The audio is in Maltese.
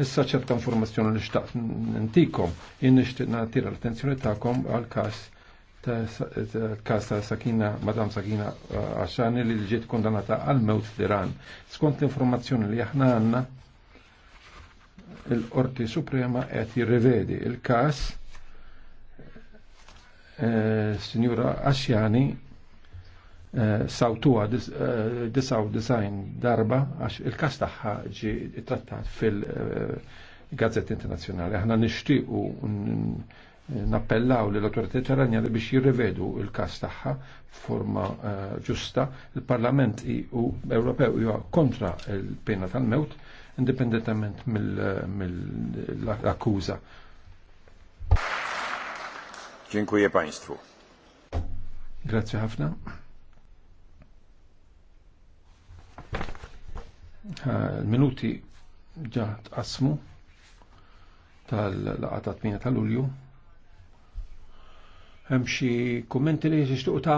Issa ċerta informazzjoni li xtaqt n-tikom, jinn nishtiq natira l-attenzjoni ta'kom għal-kas kas ta' Sakina, Madam Sakina eh, Aċani li ġiet kondannata għal-mewt fl Skont l-informazzjoni li aħna għanna, il-Qorti Suprema qed jirrivedi il-kas eh, Signora Asjani Eh, sawtuha 99 eh, darba għax il-kas tagħha ġi trattat fil gazzet Internazzjonali. Aħna nixtiequ nappellaw l ċaranja li biex jirrivedu il-kas tagħha forma eh, ġusta. Il-Parlament u Ewropew huwa kontra il-pena tal-mewt indipendentament mill-akkuża. Dziękuję Państwu. Grazie ħafna. l Minuti ġa tqasmu tal-laqa ta' 8 tal-Ulju. Hemm xi kummenti li jixtiequ